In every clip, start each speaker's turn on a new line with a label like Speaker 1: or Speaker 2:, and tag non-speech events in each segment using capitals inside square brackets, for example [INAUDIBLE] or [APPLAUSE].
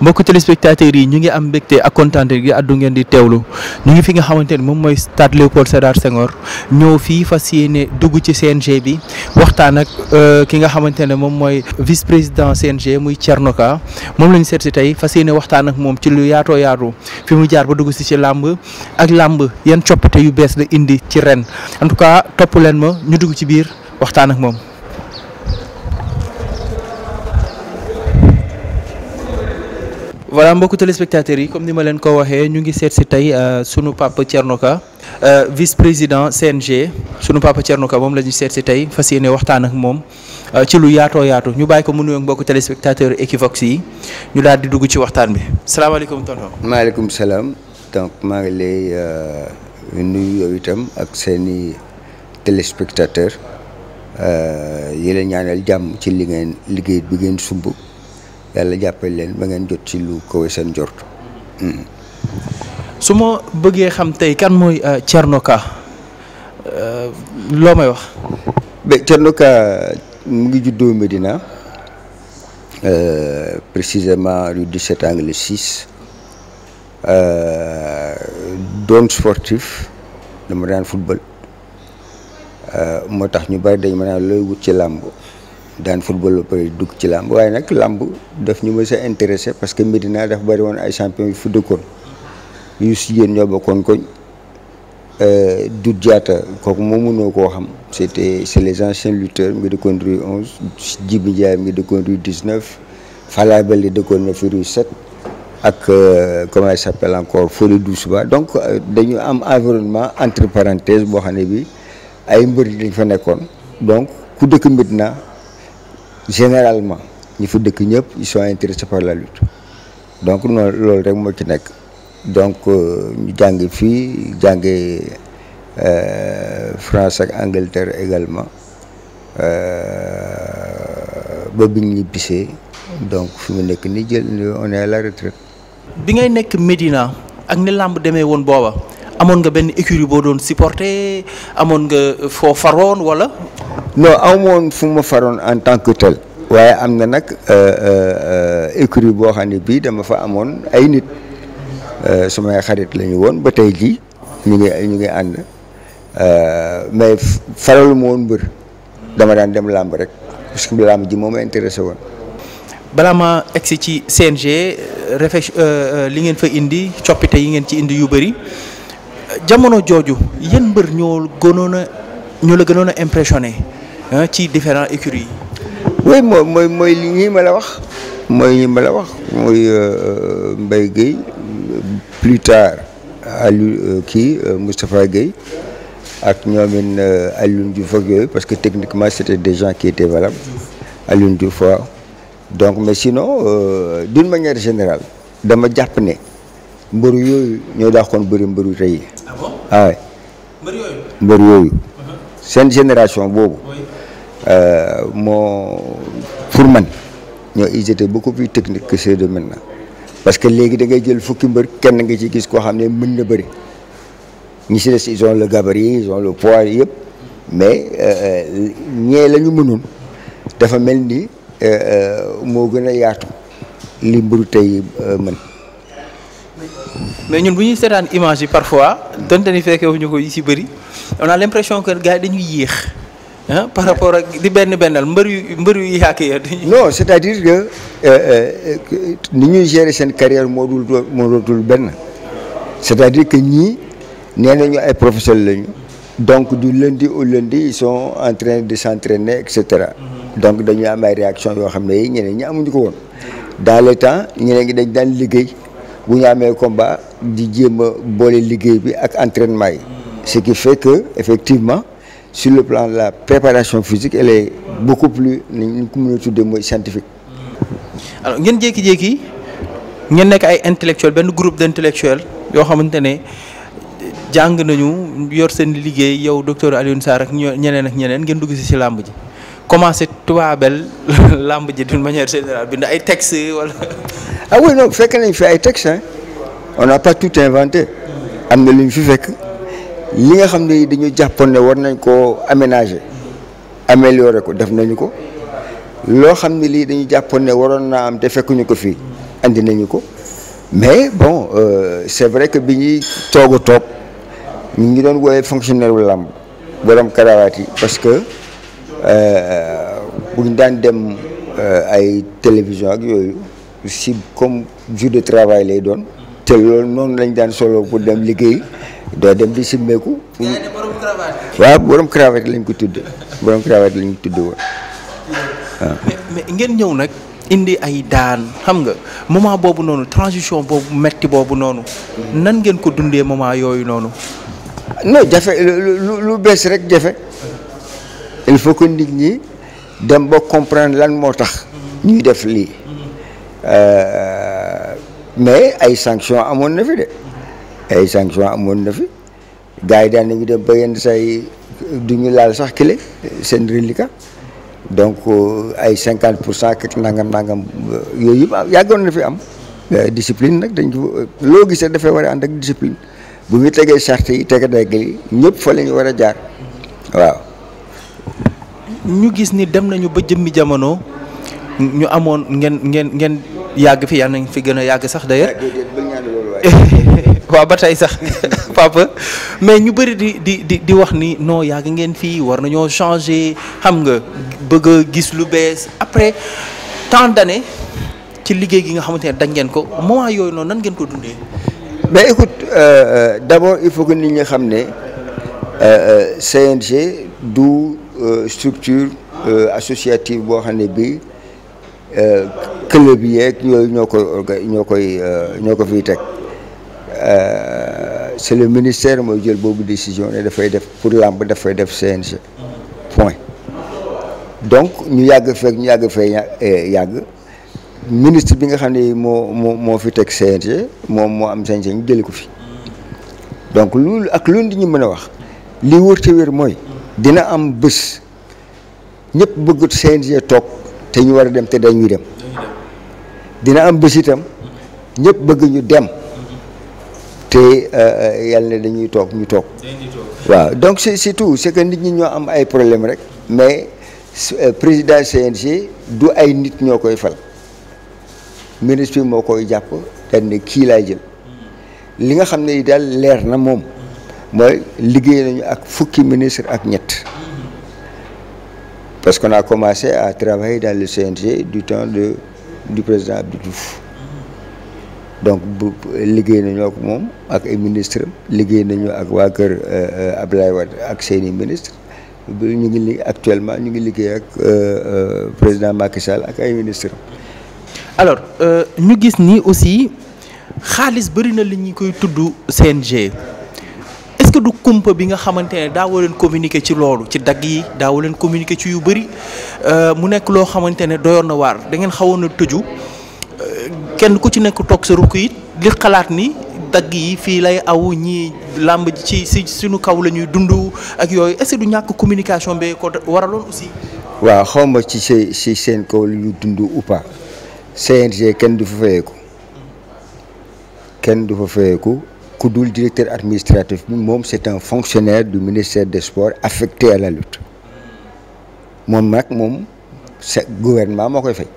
Speaker 1: mbokk téléspectateurs yi ñu ngi am mbégte ak kontaan gi addu ngeen di teewlu ñu ngi fi nga xamante ni moom mooy stade Léopold Sédar Senghor ñëw fii fas yéene dugg ci CNG bi waxtaan ak euh, ki nga xamante ne moom mooy vice président CNG muy Thierno Ka moom la ñu seet si tey fas yéene waxtaan ak moom ci lu yaatoo yaatu fi mu jaar ba dugg si ci làmb ak làmb yan coppite yu bees la indi ci ren en tout cas topp leen ma ñu dugg ci biir waxtaan ak moom. voilà mbokk téléspectateurs yi comme ni ma leen ko waxee ñu ngi seet si tey euh, sunu papa Thierno Ka euh, vice président CNG sunu papa Thierno Ka moom la ñu seet si tey fas yéene waxtaan ak moom euh, ci lu yaatoo yaatu ñu bàyyi ko munu nuyoog mbokku téléspectateurs Equivox yi ñu
Speaker 2: daal di dugg ci waxtaan bi
Speaker 1: salaamaaleykum tonton.
Speaker 2: maaleykum salaam donc maa ngi lay nuyu yow itam ak seen i téléspectateurs yi la ñaaneel jàmm ci li ngeen liggéey bi ngeen sumb. yàlla jàppale leen ba ngeen jot ci lu kawe seen jort. Mm-hmm. su ma bëggee xam tey
Speaker 1: kan mooy euh, Thierno
Speaker 2: Ka euh, loo may wax. mais Thierno Ka mu ngi juddoo Medina euh, précisément rue 17 angle 6 doon sportif dama daan football moo tax ñu bari dañ ma naan looy wut ci làmb. daan football ba pare dugg ci làmb waaye nag làmb daf ñu mës a intéressé parce que Medina dafa bari woon ay champion yu fu dëkkoon yu si ñoo bokkoon koñ euh, du jaata kooku moom mënoo koo xam c'était c'est les anciens lutteurs mi ngi dëkkoon rue 11 Djibi Ndiaye mi ngi dëkkoon rue 19 Falaye Baldé dëkkoon na fi rue 7 ak euh, comment il s'appelle encore Fodé Doussouba donc euh, dañu am environnement entre parenthèses boo xam ne bi ay mbër dañ fa nekkoon donc ku dëkk généralement ñi fi dëkk ñëpp ils sont intéressés par la lutte donc loolu rek moo ci nekk donc euh, ñu jàng fi jànge euh, France ak Angleterre également euh, ba bi ñu donc fi mu nekk ni jël on est à la retraite.
Speaker 1: bi ngay nekk Médina ak ni làmb demee woon booba. amoon nga benn écurie boo doon supporter amoon nga euh, foo faroon wala.
Speaker 2: non amoon fu ma faroon en tant que tel. waaye am na nag euh, euh, écurie boo xam ne bii dama fa amoon ay nit sumay xarit lañu woon ba tey jii ñu ngi ñu ngi ànd mais faralu woon mbër dama daan dem làmb rek parce que làmb ji moom ma intéressé woon.
Speaker 1: balaa ma egsi ci CNG réflexion li ngeen fa indi coppite yi ngeen ci indi yu bëri. jamono jooju yéen mbër ñoo a ñoo la gënoon a impressionné ci
Speaker 2: différents écuries yi. oui mooy mooy mooy li ñuy ma la wax. mooy li ma wax mooy euh, Mbaye Gueye plus tard Aliou euh, kii euh, Moustapha Gueye ak ñoo Alioune Diouf ak yooyu parce que techniquement c'était des gens qui étaient valables Alioune Diouf donc mais sinon euh, d'une manière générale dama jàpp ne mbëru yooyu ñoo kon bëri mbaru tey waaw mbër yooyu uh-huh. seen génération boobu euh, moo pour man ñoo ils étaient beaucoup plus techniques que ceux de maintenant parce que léegi da ngay jël fukki mbër kenn nga ci gis koo xam ne mën na bëri ñi si des ils ont le gabarit ils ont le poids yëpp mais euh, ñee la ñu mënoon dafa mel ni euh, moo gën a yaatu li mbëru tey mën
Speaker 1: mais ñun bu ñuy seetaan image yi parfois donte ni fekkee wu ñu ko yi si bëri on a l'impression que gars yi dañuy yéex par rapport ak di benn bennal mbër yu mbër yu yàq ya
Speaker 2: non c'est-à-dire que euh, euh, ni ñuy gérer seen carrière moo dul benn c'est-à-dire que ñii nee nañu ay professionnels lañu donc du lundi au lundi ils sont en train de s'entraîner et cetera mm-hmm. donc dañuy am ay réaction yoo xam ne yi ñeneen ñi amuñu ko woon dans le temps ñeneen ñi dañ daan liggéey bu ñu amee combat di jéem a boole liggéey bi ak entraînement yi. ce qui fait que effectivement sur le plan la préparation physique elle est beaucoup plus ni ñu ko mën tuddee mooy scientifique.
Speaker 1: alors ngeen jékki-jékki ngeen nekk ay intellectuel benn groupe d' intellectuel yoo xamante ne jàng nañu yor seen liggéey yow docteur Alioune Sarr ak ñeneen ak ñeneen ngeen dugg si si làmb ji. commencé tubaabel [LAUGHS] làmb ji d'une manière générale bind ay textes wala.
Speaker 2: ah oui non fekk nañ fi ay textes on n'a pas tout inventé. am na lu ñu fi fekk. li nga xam ne dañu jàppoon ne war nañ koo aménager. améliorer ko def nañu ko. loo xam ne lii dañu jàppoon ne waroon naa am te fekkuñu ko fii. andi nañu ko. mais bon euh, c'est vrai que bi ñuy toog a toog ñu ngi doon woowee fonctionnaire wu làmb borom karawaat parce que. Euh, bu ñu daan dem euh, ay télévision ak yooyu si comme jour de travail lay doon te loolu noonu lañ daan solo pour dem liggéey doo dem di simmeeku. waaw borom cravate lañ ko tudd borom cravate lañ ko tudd woon waaw.
Speaker 1: mais ngeen ñëw nag indi ay daan xam nga moment boobu noonu transition boobu metti boobu noonu nan ngeen ko dundee moment yooyu noonu.
Speaker 2: non jafe lu lu bees rek jafe. il faut que nit ñi dem ba comprendre lan moo tax ñuy def lii euh, mais ay sanctions amoon na fi de ay sanctions amoon na fi gars yi daan nañu dem ba yenn say du ñu laal sax kile seen reliquat donc euh, ay cinquante pour cent kek nangam nangam euh, yooyu yëpp yàggoon na fi am discipline nag dañ ko loo gisee dafay war a ànd ak discipline bu ñu tegee charte yi teg a dégg yi ñëpp fa la war a jaar waaw
Speaker 1: ñu gis ni dem nañu ba jëmmi jamono ñu amoon ngeen ngeen ngeen yàgg fi yàlla nañ fi gën a yàgg sax d'ailleurs [LAUGHS] waaw ba tey sax [LAUGHS] papa mais ñu bëri di di di wax ni noo yàgg ngeen fii war nañoo changer xam nga
Speaker 2: bëgg gis lu bees
Speaker 1: après tant d'années ci liggéey gi nga xamante ne dañ ngeen ko moment yooyu noonu nan ngeen ko dundee.
Speaker 2: mais écoute euh, euh il faut que nit ñi xam ne euh, euh, CNG Euh, structure euh, associative boo xam ne bii euh, club yi yeeg yooyu ñoo koy ñoo koy ñoo ko fi teg c'est le ministère mooy jël boobu décision ne dafay def pour làmb dafay def CNG point donc ñu yàgg fekk ñu yàgg fee eh, yàgg ministre bi nga xam ne moo moo moo fi teg CNG moom moo am sañ-sañ jëlee ko fi donc loolu ak loolu di ñu mën a wax li wër te wér mooy. dina am bés ñëpp bëggut CNG toog te ñu war a dem te dañuy dem dina am bés itam ñëpp bëgg ñu dem te eh, yàlla ne dañuy toog ñu toog waaw donc c'est c'est tout c'est nit ñi ñoo am ay problème rek mais eh, président CNG du ay nit ñoo koy fal ministre bi moo koy jàpp dañ kii laay jël li nga xam ne daal leer na moom mooy liggéey nañu ak fukki ministre ak ñett parce que naa commencé à travailler dans le CNG du temps du président Abdou Diouf donc bu liggéey nañoo ak moom ak ay ministre liggéey nañu ak waa kër euh, Abdoulaye Wade ak seeni ministre ñu ngi actuellement ñu ngi liggéey ak euh, euh, président Macky ak ay ministre alors ñu gis
Speaker 1: ni aussi xaalis bëri na li ñu koy tudd
Speaker 2: CNG
Speaker 1: tudd kumpa bi nga xamante ne daawoo leen communiquer ci loolu ci dagg yi daawoo leen communiquer ci yu bëri euh, mu nekk loo xamante ne doyoon na waar da ngeen xawoon a tëju euh, kenn ku ci nekk toog sa rukk it li xalaat ni dagg yi fii lay aw ñii làmb ci si suñu kaw la ñuy dund ak yooyu est du ñàkk communication bee ko waraloon aussi.
Speaker 2: waaw xawma ci seen si seen kaw la ñuy dund ou pas CNG kenn du fa fayeeku kenn du fa fayeeku ku dul directeur administratif bi moom c'est un fonctionnaire du ministère de sports affecté à la lutte moom nag moom sa gouvernement moo koy fay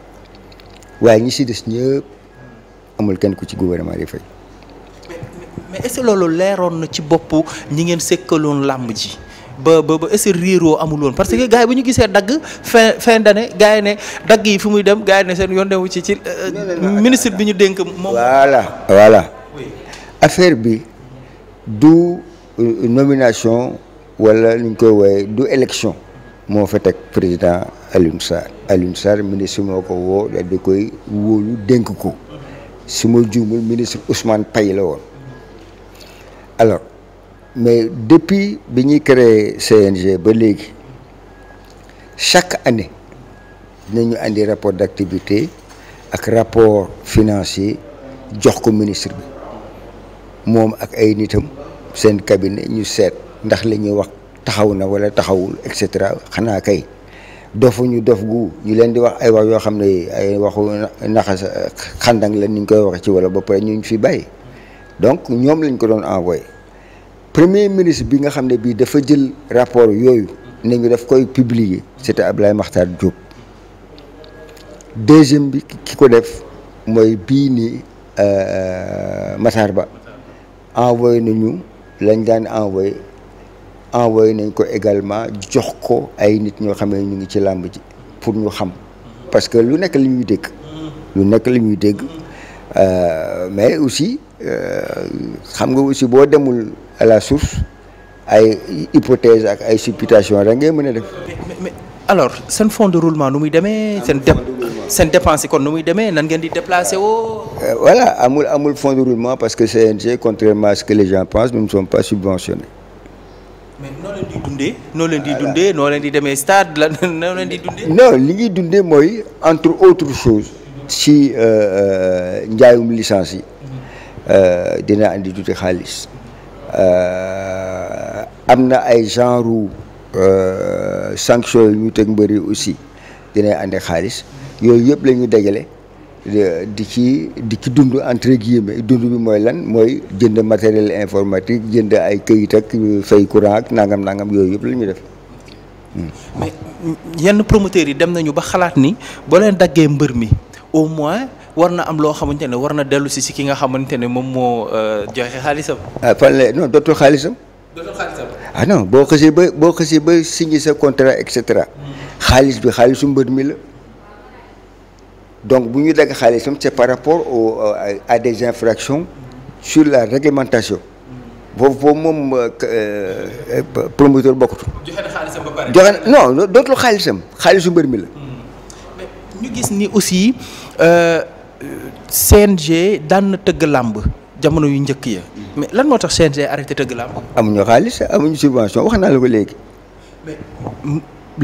Speaker 2: waaye ñi si des ñëpp amul kenn ku ci gouvernement di fay.
Speaker 1: mais est loolu leeroon na ci bopp ñi ngeen sekkaloon làmb ji. ba ba ba est-ce réeroo amul woon parce que gars bi ñu gisee dagg fin fin d'année gars ne dagg yi fi muy dem gars ne seen yoon dewu ci ci. Euh, ministre bi ñu
Speaker 2: dénk moom. voilà voilà. affaire bi du euh, nomination wala nu ñu koy wooye du élection moo fa teg président Alioune Sarr Alioune Sarr ministre moo ko woo daal koy wóolu dénk ko su ma juumul ministre Ousmane Paye la alors mais depuis bi ñuy créé CNG ba léegi chaque année dinañu andi rapport d'activité ak rapport financier jox ko ministre bi moom ak ay nitam seen cabinet ñu seet ndax li ñuy wax taxaw na wala taxawul et cetera xanaa kay dofu ñu dof gu ñu leen di wax ay wax yoo xam ne ay waxu naxas xandang la ni ñu koy wax ci wala ba pare ñu fi bàyyi donc ñoom lañ ko doon envoyé premier ministre bi nga xam ne bii dafa jël rapport yooyu ne ñu def koy publier c'était Abdoulaye Makhtar Diop deuxième bi ki ko def mooy bii nii euh, Matar Ba envoyé nañu lañ daan envoyé envoyé nañ ko également jox ko ay nit ñoo xam ne ñu ngi ci làmb ji pour ñu xam parce que lu nekk li ñuy dégg lu nekk li ñuy dégg euh, mais aussi euh, xam nga aussi boo demul à la source ay hypothèse ak ay supputation rek ngay mën a def
Speaker 1: alors seen fond de roulement nu muy demee. seen seen dépense kon nu muy demee nan ngeen di déplacé woo.
Speaker 2: Euh, voilà amul amul fonds de roulement parce que CNG contrairement à ce que les gens pensent nous ne sommes pas subventionnés.
Speaker 1: mais noo di demee stade la [LAUGHS] noo leen di
Speaker 2: non li ñuy dundee mooy entre autres choses. si euh, euh, njaayum licence yi. dina andi tuuti xaalis. am na ay genre. Euh, sanction yi ñu teg mbëri aussi dina àndi xaalis yooyu yëpp la ñu dajale di ci di ci dund entre guillemets dund bi mooy lan mooy jënd matériel informatique jënd ay këyit ak fay courant ak nangam nangam yooyu yëpp la def. Hmm.
Speaker 1: yenn promoteurs yi dem nañu ba xalaat ni boo leen daggee mbër mi au moins war na am loo xamante ne war na dellu si si ki nga xamante ne moom moo euh, joxe xaalisam.
Speaker 2: ah fan xaalisam. ah non boo xasee ba boo xasee ba signé sa contrat et cetera xaalis bi xaalisu mbër mi la donc bu ñu dagg xaalisam c'est par rapport au euh, à des infractions sur la réglementation boobu moom euh, promoteur bokkut. xaalisam non dootul xaalisam xaalisu mbër mi la. Hmm. ñu gis ni aussi euh, CNG
Speaker 1: daan na tëgg làmb. jamono yu njëkk ya mais lan moo tax CNG arrêté tëgg làmb
Speaker 2: amuñu xaalis amuñu subvention wax naa la ko léegi.
Speaker 1: mais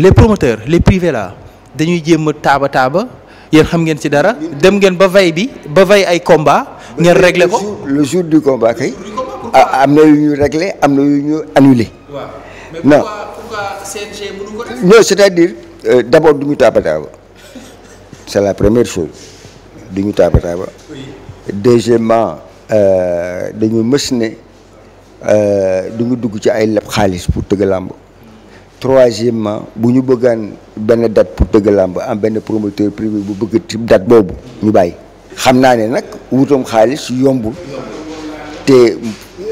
Speaker 1: les promoteurs les privés là dañuy jéem a taaba taaba yéen xam ngeen ci dara. dem ngeen ba vay bi ba vay ay
Speaker 2: combat ngeen réglé ko le jour du combat kay. Ah, am na yu ñu réglé am na yu ñu annulé. waaw mais pourquoi pourquoi CNG mënu c'est-à-dire euh, du ñu taaba taaba c'est la première chose du ñu taaba taaba. Euh, dañu mës ne euh, du ñu dugg ci ay leb xaalis pour tëgg làmb troisièmement bu ñu bëggaan benn date pour tëgg làmb am benn promoteur privé bu bëgg ci date boobu ñu bàyyi xam naa ne nag wutum xaalis yombul te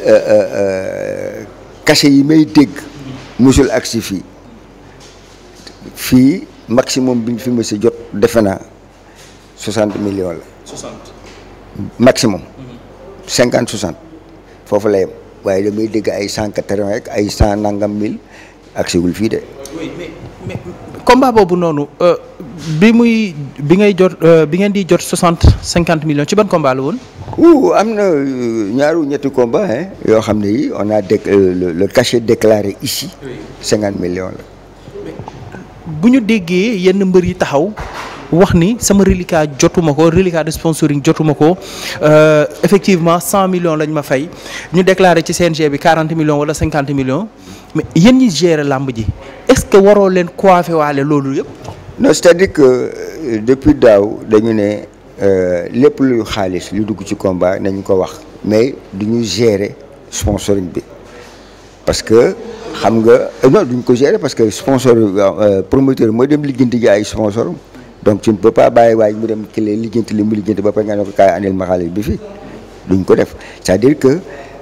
Speaker 2: euh, cachet yi may dégg musul agsi fii fii maximum bi ñu fi mës jot defe naa soixante millions
Speaker 1: la.
Speaker 2: maximum. Mhm. cinquante soixante foofu la yem waaye damay dégg ay cent quatre-vingt rek ay cent nangam mille ak siwul fii de. oui boobu
Speaker 1: noonu euh, bi muy bi ngay jot euh, bi ngeen di jot soixante cinquante millions ci ban combat
Speaker 2: la woon. ou am na euh, ñaaru ñetti combat hein yoo xam ne yi on a déc le, cachet déclaré ici. cinquante millions la. bu ñu déggee
Speaker 1: yenn mbër yi taxaw wax ni sama reliquat jotuma ko reliquat de sponsoring jotuma ko euh, effectivement cent millions lañ ma fay ñu déclaré ci CNG bi quarante million wala cinquante millions mais yéen ñi gérer làmb ji est-ce que waroo leen coiffé waale loolu yëpp.
Speaker 2: non c'est-à-dire que euh, depuis daaw dañu ne euh, lépp lu xaalis lu dugg ci combat nañ ko wax mais du duñu gérer sponsoring bi parce que xam nga non duñ ko gérer parce que sponsor promoteur mooy dem liggéeyanti ji ay sponsor donc tu ne peux bàyyi waaj mu dem kële lijjanti li mu lijjanti ba pare nga ne ko kaay andil ma xaalis bi fii duñ ko def c'est-à-dire que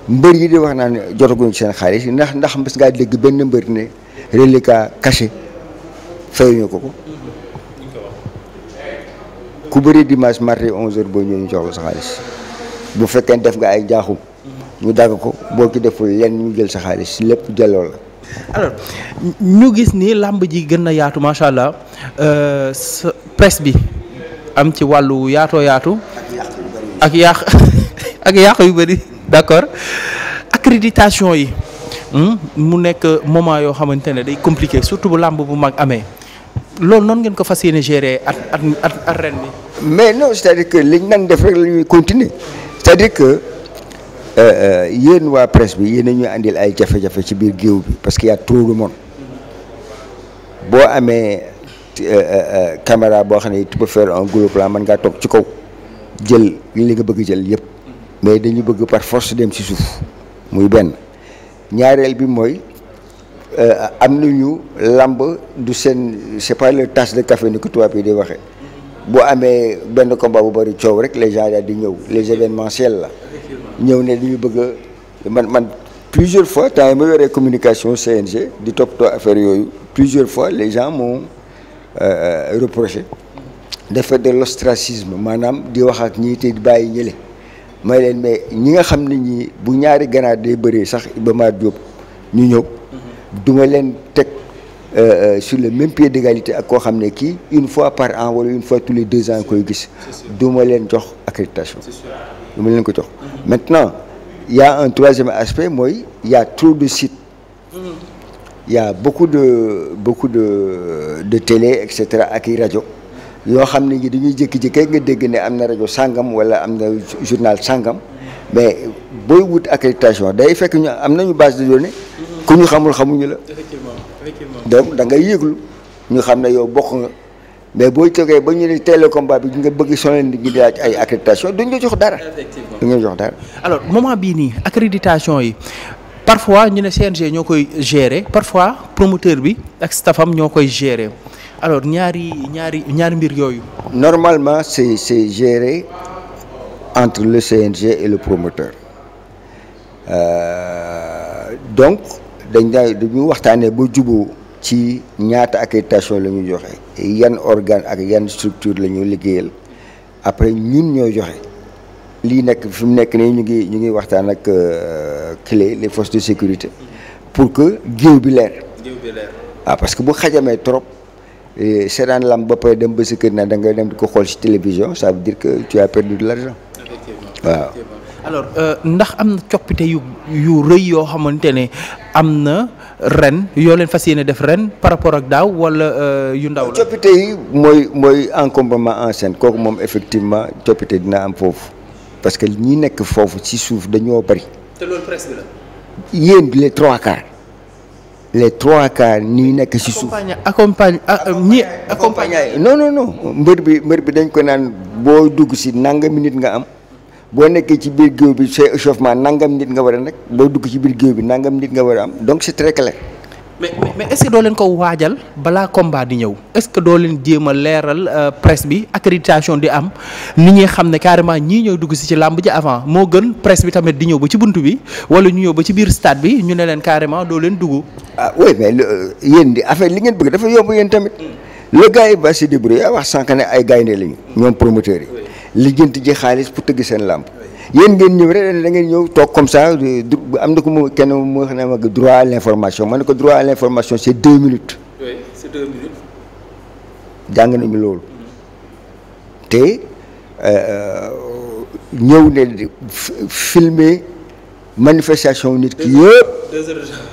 Speaker 2: mbër yi di wax naan jotaguñu seen xaalis ndax ndax mës ngaa dégg benn mbër ne reliquat caché fayuñu ko ko ku bëri dimanche mardi 11h boo ñëwee ñu jox la sa xaalis bu fekkee def nga ay jaaxum ñu dagg ko boo ki deful lenn ñu jël sa xaalis lépp jaloo la.
Speaker 1: alors ñu gis nii làmb ji gën na yaatu macha allah euh, presse bi am ci wàllu yaatoo yaatu. ak yàq [LAUGHS] ak yàq yu bëri d'accord accréditation yi hmm, mu nekk moment yoo xamante ne day compliqué surtout bu làmb bu mag amee loolu noonu ngeen ko fas yéene gérer at at ren bi.
Speaker 2: mais non c'est-à-dire que liñ nan def rek la continuer c'est-à-dire que. Euh, euh, yéen waa presse bi yéen a ñu andil ay jafe-jafe ci biir géew bi parce que y a trop de monde boo amee euh, caméra boo xam ne tu peux faire un gros plan mën ngaa toog ci kaw jël li nga bëgg jël yëpp mais dañu bëgg par force dem ci suuf muy benn ñaareel bi mooy am ñu làmb du seen c'est pas le tasse de café ni ko tubaab yi di waxee boo amee benn combat bu bari coow rek les gens di ñëw les événementiels la ñëw ne dañu bëgg man man plusieurs fois temps yi ma yoree communication CNG di toppatoo affaire yooyu plusieurs fois les gens m'ont euh, euh defa dafa de l'ostracisme maanaam di wax ak ñii te bàyyi ñële may leen mais ñi nga xam ne ñii bu ñaari ganaar day bëree sax Iba Mar Diop ñu ñëw duma leen teg euh, euh, sur le même pied d'égalité ak koo xam ne kii une fois par en wala une fois tous les deux ans koy gis duma leen jox accréditation duma leen ko jox mm-hmm. maintenant ya y a un troisième aspect mooy il y a trop de sites mm-hmm. il beaucoup de beaucoup télé et cetera ak i rajo yoo xam ne ñi dañuy jékki-jékki nga dégg ne am na rajo sàngam wala am na journal sangam mais booy wut accréditation day fekk ñu am nañu base de données mm-hmm. ku ñu xamul xamuñu la. donc da ngay yëglu ñu xam ne yow bokk nga. mais boo toogee ba ñu ne teel combat bi nga bëgg sonal nit ñi di laaj ay accréditation duñ la jox dara. du duñ jox dara.
Speaker 1: alors moment bii nii accréditation yi parfois ñu ne CNG ñoo koy gérer parfois promoteur bi ak staffam ñoo koy gérer alors ñaari ñaari ñaari mbir yooyu.
Speaker 2: normalement c'est c'est géré entre le CNG et le promoteur euh, donc dañ daay dañu waxtaanee ba juboo ci ñaata accréditation la ñuy joxe yan organe ak yan structure la ñu liggéeyal après ñun ñooy joxe lii nekk fi mu nekk nii ñu ngi ñu ngi waxtaan ak euh, clé les forces de sécurité pour que géew bi leer. géew bi leer ah parce que bu xajamee trop. seetaan lam ba pare dem ba sa da ngay dem di ko xool ci télévision ça veut dire que tu as perdu de l'argent waaw
Speaker 1: euh, ndax am na coppite yu rëy yoo xamante ne am na ren yoo leen fas yéene def ren par rapport ak daaw wala euh, yu ndaw la. coppite
Speaker 2: mooy mooy encombrement en scène kooku moom effectivement coppite dina am foofu parce que ñi nekk foofu ci suuf dañoo bari. te loolu yéen les trois quarts les trois quarts ñi nekk si suuf. accompagne ah, euh, ñi accompagne non non non mbër bi mbër bi dañ ko naan boo dugg si nangami nit nga am. boo nekkee ci biir géew bi c'est échauffement nangam nit nga war a nekk doo dugg ci biir géew bi nangam nit nga war a donc c'est très clair.
Speaker 1: mais mais est doo leen ko waajal balaa combat di ñëw est-ce que doo leen jéem a leeral euh, presse bi accréditation di am ni ñuy xam ne carrément ñii ñëw dugg si ci làmb ji avant moo gën presse bi tamit di ñëw ba ci bunt bi wala ñu ñëw ba ci biir stade bi ñu ne leen carrément
Speaker 2: doo leen dugg. ah oui mais euh, yéen di affaire li ngeen bëgg dafa yomb yéen tamit. le gars yi va se débrouiller sànq ne ay gaynde lañu. ñoom promoteurs yi. lijjanti ji xaalis pour tëgg seen làmb yéen ngeen ñëw rek da ngeen ñëw toog comme ça am na ko mu kenn mu wax ne ma droit à l'information ma ne ko droit à l'information c'est deux minutes.
Speaker 1: oui c'est deux minutes.
Speaker 2: jàng nañu loolu. Euh, euh, ñëw ne filmer manifestation nit ki yëpp.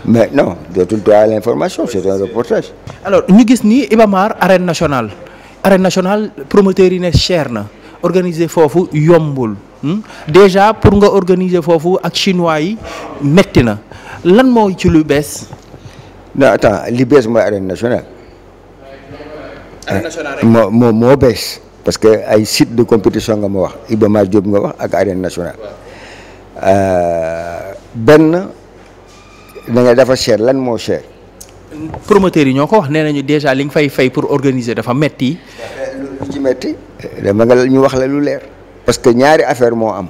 Speaker 2: mais non dootul droit à l'information un reportage.
Speaker 1: alors ñu gis nii Iba Mar arène nationale arène nationale promoteur yi ne cher na. organiser foofu yombul hmm? déjà pour nga organiser foofu ak chinois yi metti na lan mooy ci
Speaker 2: lu bees. non attends li bees mooy arène nationale. arène nationale ah, moo moo bees. parce que ay site de compétition nga ma wax Iba Mar nga wax ak arène nationale. Euh, benn da nga dafa cher lan moo cher.
Speaker 1: promoteurs yi ñoo ko wax nee nañu déjà li nga fay fay pour organiser dafa
Speaker 2: metti lu ci metti dama nga ñu wax la lu leer parce que ñaari affaire moo am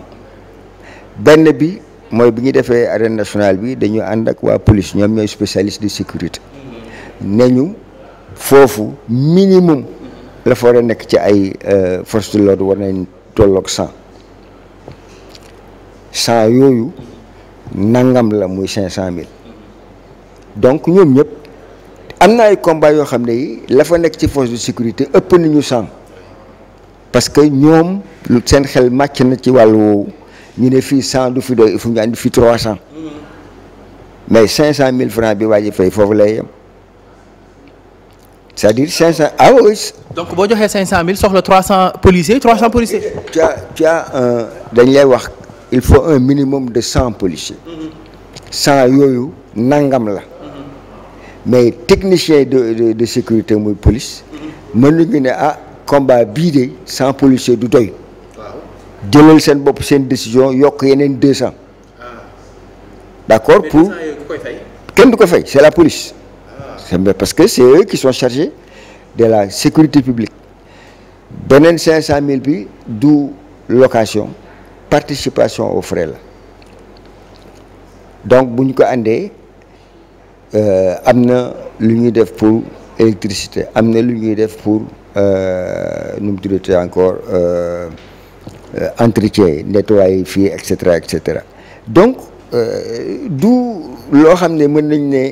Speaker 2: benn bi mooy bi ñu defee arène nationale bi dañu ànd ak waa police ñoom ñooy spécialiste de sécurité ne ñu foofu minimum la fa war a nekk ci ay euh, force de l'ordre war nañ tolloog cent cent yooyu nangam la muy cinq cent mille donc ñoom ñëpp am na ay combat yoo xam ne yi la fa nekk ci force de sécurité ëpp nañu cent parce que ñoom seen xel màcc na ci wàllu woowu ñu ne fii cent du fi doy il ñu andi fii trois cent mais cinq cent mille francs bi waa ji fay foofu lay yem c'est-à-dire cinq cent ah
Speaker 1: donc boo joxee cinq cent mille soxla trois cent policiers trois cent policiers.
Speaker 2: tu as dañ lay wax il faut un minimum de cent policiers. cent yooyu nangam la. mais technicien de de de sécurité muy police. mën ne ah. combat bii de sans policier du doy. jëlal seen bopp seen décision yokk yeneen deux cent. d'accord pour kenn du ko fay c'est la police. Ah. c'est parce que c'est eux qui sont chargés de la sécurité publique beneen cinq cent mille bi du location participation au frais la donc bu ñu ko àndee euh, am na lu ñuy def pour électricité am na lu ñuy def pour. Euh, nu mu tuddati encore euh, entretien yi nettoyer yi et cetera et cetera donc euh, du loo xam ne mën nañ ne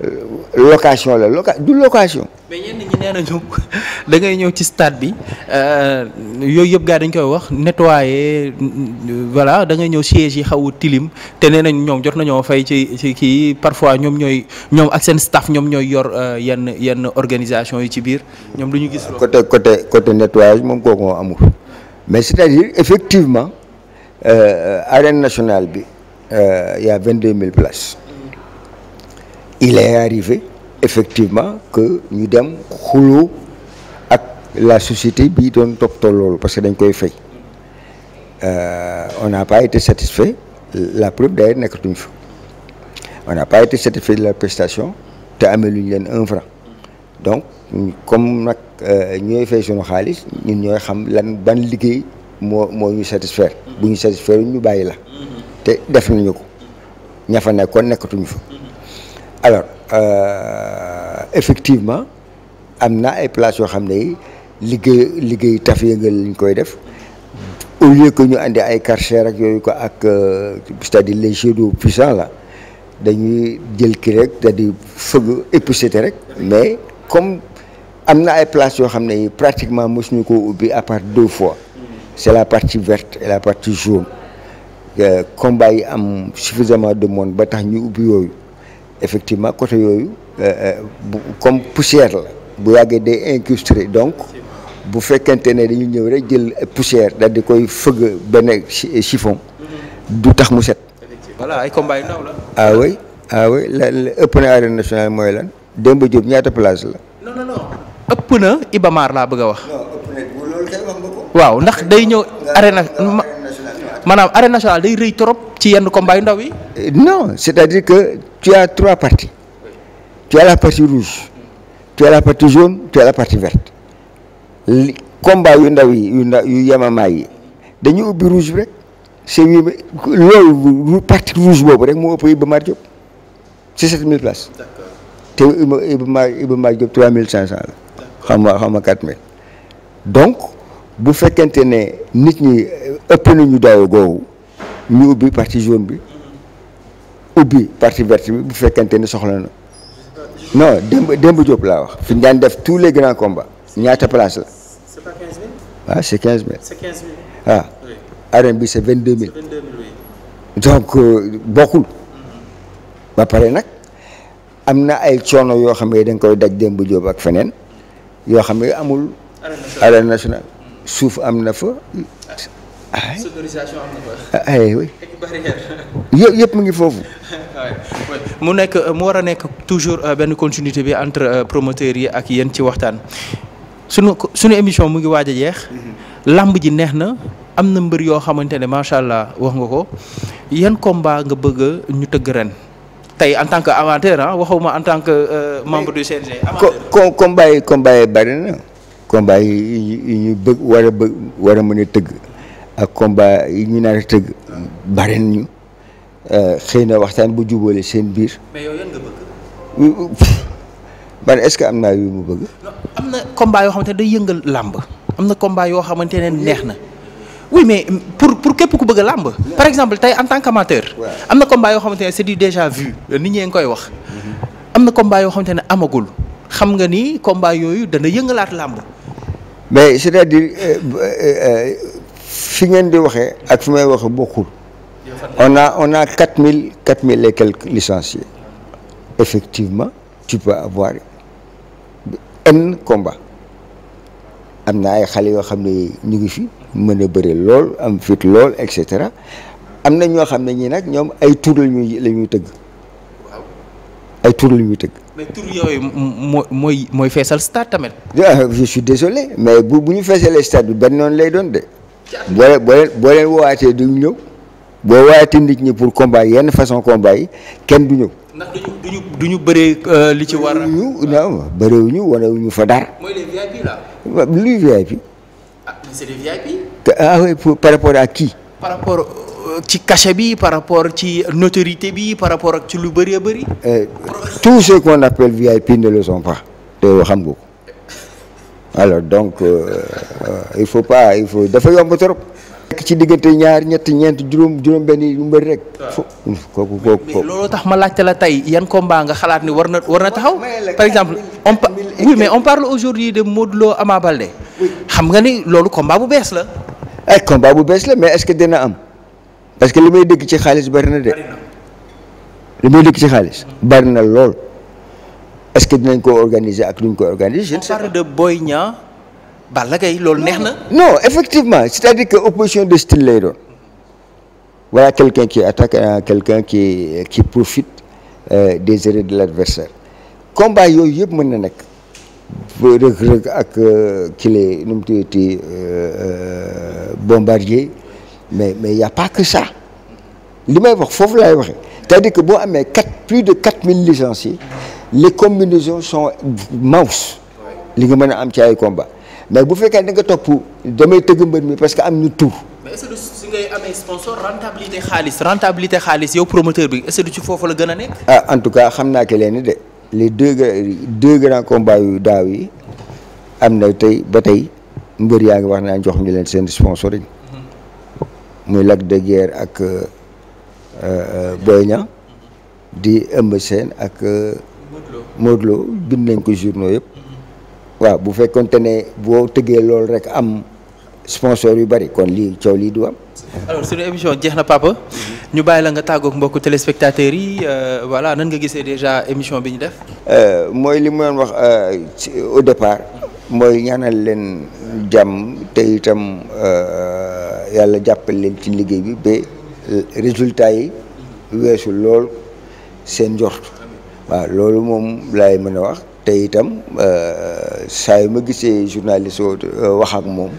Speaker 2: Euh, location la loca du location.
Speaker 1: mais ñenn ñi nee nañu [LAUGHS] da ngay ñëw ci stade bi euh, yooyu yëpp gars dañ koy wax nettoyer voilà da ñëw siège yi xaw tilim te nee nañ ñoom jot nañoo fay ci kii parfois ñoom ñooy ñoom ak seen staff ñoom ñooy yor euh, yenn yenn organisation yi ci biir. ñoom lu ñu
Speaker 2: gis côté côté côté nettoyage moom kooku moo amul mais c'est-à-dire effectivement euh, arène nationale bi euh, y a vingt-deux mille places. il est arrivé effectivement que ñu dem xuloo ak la société bi doon toppatoo loolu parce que dañ koy fay euh, on n'a pas été satisfait la preuve d'ailleurs nekkatuñ fa on n'a pas été la prestation te amee lu ñu leen un franc donc comme nag euh, ñooy fay sunu xaalis ñun ñooy xam lan ban liggéey moo moo ñu satisfaire bu ñu satisfaire ñu bàyyi la te def nañu ko ña fa nekkoon nekkatuñu fa. alors euh, effectivement am na ay places yoo xam ne yi liggéey liggéey taf yëngal lañ koy def au lieu que ñu andi ay karcher rek yooyu ko ak euh, c'est-à-dire les jeux d'eau puissants dañuy jël ki rek c'est-à-dire fëgg épuisé rek mais comme am na ay places yoo xam ne yi pratiquement mosuñu koo ubbi à part deux fois c'est la partie verte et la partie jaune euh, combat yi am suffisamment de monde ba tax ñu ubbi yooyu effectivement côté yooyu euh, euh, comme poussière la bu yàggee day incrusté donc bu fekkente ne dañu ñëw rek jël poussière daal di koy fëgg benn euh, chiffon du tax mu set.
Speaker 1: voilà ay combat yu ndaw
Speaker 2: ah ah la. ëpp na arène nationale mooy lan Demba Diop ñaata place la. non non non ëpp na Ibamar laa bëgg a wax. waaw ndax day ñëw arène maanaam arène nationale day rëy trop ci yenn combat yu ndaw yi. Euh, non c'est-à-dire que tu as trois parties tu as la partie rouge tu as la partie jaune tu as la partie verte combat yu ndaw yi yu ndaw yu yamama yi dañuy ubbi rouge bi rek c'est loolu partie rouge boobu rek moo ëpp Iba Mar Diop c'est sept mille places. te Iba Mar Iba Mar trois mille cinq cent la. xam nga xam nga quatre mille donc bu fekkente ne nit ñi. ëpp nañu daaw googu ñu ubbi partie jaune bi ubbi partie verte bi bu fekkante ni soxla na non démb démb Diop laa wax fi ñu daan def tous les grands combats ñaata place la.
Speaker 1: c'est pas 15 000. ah c'est
Speaker 2: ah. bi c'est 22 000. c'est 22 000 donc euh, bokkul. Mm-hmm. ba pare nag am na ay coono yoo xam ne dañ koy daj démb Diop ak feneen yoo xam ne amul. arène nationale suuf am na fa.
Speaker 1: sonorisation am na ay oui.
Speaker 2: yëpp mu ngi foofu. mu nekk
Speaker 1: mu war a nekk toujours euh, benn continuité bi entre euh, promoteurs yi ak yéen ci waxtaan. sunu sunu émission mu ngi waaja a jeex. Mm-hmm. làmb ji neex na am na mbër yoo xamante ne macha allah wax nga ko yan combat nga bëgg ñu tëgg ren. tey en tant que amateur ah waxuma en tant que euh, membre du CNG.
Speaker 2: amateur combat yi combat yi bari na. combat yi ñu bëgg war a bëgg war a mën a tëgg. ak combat yi ñu naan tëgg bare nañu euh, xëy na waxtaan bu jubóole seen biir. mais man est-ce que am naa yu mu bëgg.
Speaker 1: am na combat yoo xamante day yëngal làmb am na combat yoo xamante ne neex na. oui mais pour pour képp ku bëgg làmb. par exemple tey en tant qu'amateur. am na combat yoo xamante ne c'est di déjà vu. nit ñee ngi koy wax. Mm-hmm. am na combat yoo xamante ne amagul. xam nga ni combat yooyu dana yëngalaat làmb.
Speaker 2: mais c'est-à-dire. Euh, euh, fi ngeen di waxee ak fi may waxee bokkul on a on a quatre mille quatre mille et quelques licenciés effectivement tu peux avoir un combat am na ay xale yoo xam ne ñu ngi fi mën a bëri lool am fit lool et cetera am na ñoo xam ne ñii nag ñoom ay tur la ñuy la ñuy tëgg ay tur la ñuy tëgg.
Speaker 1: mais mooy mooy feesal stade tamit.
Speaker 2: Ah, je suis désolé mais bu bu ñu feesalee stade bi benn noonu lay doon de. boo leen boo leen boo leen woowaatee duñ ñëw boo woowaatee nit ñi pour combat yenn façon combat yi kenn du ñëw. du ñu du ñu bëree euh, li ci war. ñu non bëreewuñu wanewuñu fa dara. mooy les VIP ah, ah par rapport à qui.
Speaker 1: Euh, ci cache bi par rapport ci notoriété bi par rapport ak ci lu bëree bari
Speaker 2: euh, tous ceux qu'on appelle VIP ne le sont pas. te xam ko. alors donc euh, euh, il faut pas il dafa yomb trop. nekk ci diggante ñaar ñetti ñeent juróom juróom benn yu mbër rek. fo kooku
Speaker 1: tax ma laajte la tey yan combat nga xalaat ni war na war na taxaw. par exemple on pa oui mais on parle aujourd'hui de Modou Lo Ama
Speaker 2: Baldé. xam nga ni loolu combat bu bees la. ay eh, combat bu bees la mais est-ce que dina am parce que li may dégg ci xaalis bari na de. li may dégg ci xaalis bari na lool. est-ce que dinañ ko organiser ak luñ ko organiser. je ne sais de Boy Niang Balla Gaye loolu neex na. non effectivement c'est-à-dire que opposition de style lay doon voilà quelqu'un qui attaque euh, quelqu'un qui qui profite euh, des erreurs de l'adversaire combat yooyu yëpp mën na nekk. Reug Reug ak euh, nu mu tuddati bombardier mais mais y a pas que ça li may wax foofu la waxee c'est-à-dire que boo amee quatre plus de quatre mille licenciés. les combinaisons sont mouse li nga mën a am ci ay combat mais bu fekkee da nga topp damay tëgg mbër mi parce que am ñu tout.
Speaker 1: mais xaalis rentabilité xaalis yow promoteur bi est ci foofu la gën a nekk.
Speaker 2: ah en tout cas xam naa que leen de les deux grands combats yu daaw yi am na tey ba tey mbër yaa ngi wax naa jox ñu leen seen sponsoring mm-hmm. muy Lac de Guiers ak euh, euh, Boy di ëmb seen ak. Euh, Modou bind nañ ko journaux yëpp waaw bu fekkonte ne boo tëggee loolu rek am sponsor yu bari kon lii coow lii du am.
Speaker 1: alors suñu émission jeex na papa. ñu bàyyi la nga tàggoog mbokku téléspectateurs yi euh, voilà nan nga gisee déjà
Speaker 2: émission bi ñu def. Euh, mooy li mu wax euh, au départ mooy ñaanal leen jàmm te itam yàlla jàppal leen ci liggéey bi ba résultat yi weesu lool seen njort. waaw loolu moom laay mën a wax te itam euh, saa yu ma gisee journaliste euh, wax ak moom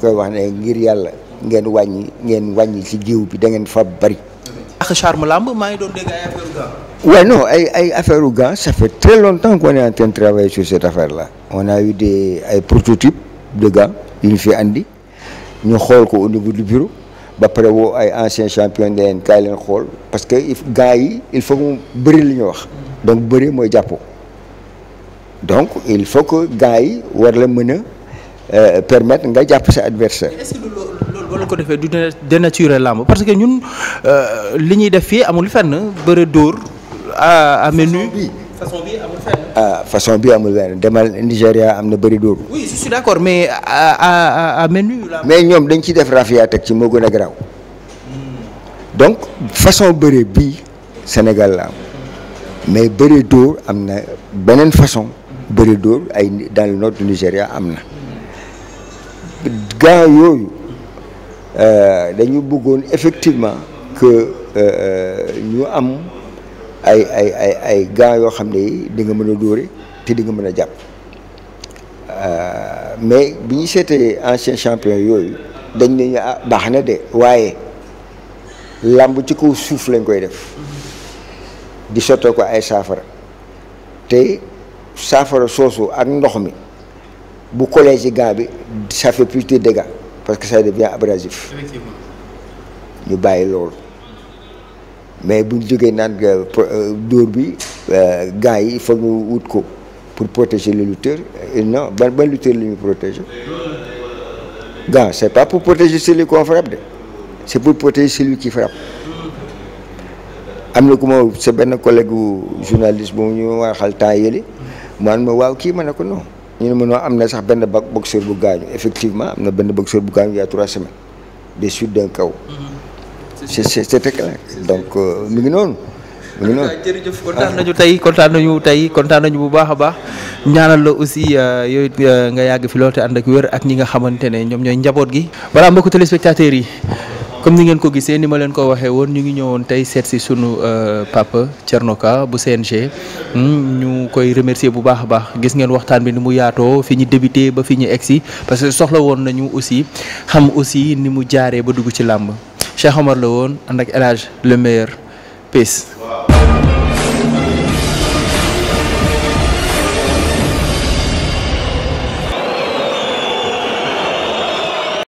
Speaker 2: koy wax ne ngir yàlla ngeen wàññi ngeen wàññi ci jiw bi da ngeen fa bari
Speaker 1: ak charme lamb maa ngi doon dégg ay affaire gants.
Speaker 2: waaw non ay affaire gants ça fait très longtemps qu'on est en train sur cette affaire là. on a eu des ay prototypes de gants yu ñu fi andi ñu xool ko au niveau du bureau. ba pare woo ay ancien champion ndeen kaay leen xool parce que gars yi il faut mu bëri li ñu wax donc bëri mooy jàppoo donc il faut que gars yi war la mën a euh, permettre nga jàpp sa adversaire
Speaker 1: loolu ko defee du dénaturer làmb parce que ñun euh, li ñuy def fii amul fenn bëri dóor à menu
Speaker 2: façon bi amul fenn. ah façon bi amul demal Nigéria am na bëri dóoru. oui je mais à menu mais ñoom dañ ciy def raffia teg ci moo gën a garaaw. Hmm. donc façon bëre bii Sénégal mais bëre am na beneen façon bëre dóor ay dans le nord du Nigéria am na gaa yooyu euh, dañu buggoon effectivement que euh, euh, ñu am. ay ay ay ay gants yoo xam ne di nga mën a dóore te di nga mën a jàpp euh, mais bi ñu seetee ancien champion yooyu dañ ne ñu ah baax na de waaye làmb ci kaw suuf lañ koy def di sottee ko ay saafara te saafara soosu ak ndox mi bu collé ci gants bi ça fait plus de dégâts parce que ça devient abrasif ñu bàyyi loolu. mais bu jógee naan euh, dóor bi euh, gars yi il faut ko pour protéger les lutteurs non ban ban lutteur la ñuy protéger gars c'est pas pour protéger celui qu'on frappe de c'est pour protéger celui qui frappe am na ku ma sa benn collègue journaliste bu ñu waxal temps yële man ma waaw kii ma ne ko non ñu ne am na sax benn boxeur bu gaañu effectivement am na benn boxeur bu gaañu il y a trois semaines de suite d'un kaw c'est c'était clair donc euh, mu ngi noonu.
Speaker 1: mu ngi noonu
Speaker 2: kontaan nañu tey
Speaker 1: kontaan nañu tey kontaan nañu bu baax a baax ñaanal la aussi euh, yooyu euh, nga yàgg fi lool te ànd ak wér ak ñi nga xamante ne ñoom ñooy njaboot gi. voilà mbokku téléspectateurs yi. comme ni ngeen ko gisee ni ma leen ko waxee woon ñu ngi ñëwoon tey seet si sunu papa Thierno Ka bu CNG hmm, ñu koy remercier bu baax a baax gis ngeen waxtaan bi ni mu yaatoo fi ñu débuté ba fi ñu egsi parce que soxla woon nañu aussi xam aussi ni mu jaaree ba dugg ci làmb Cheikh Omar la woon ànd peace.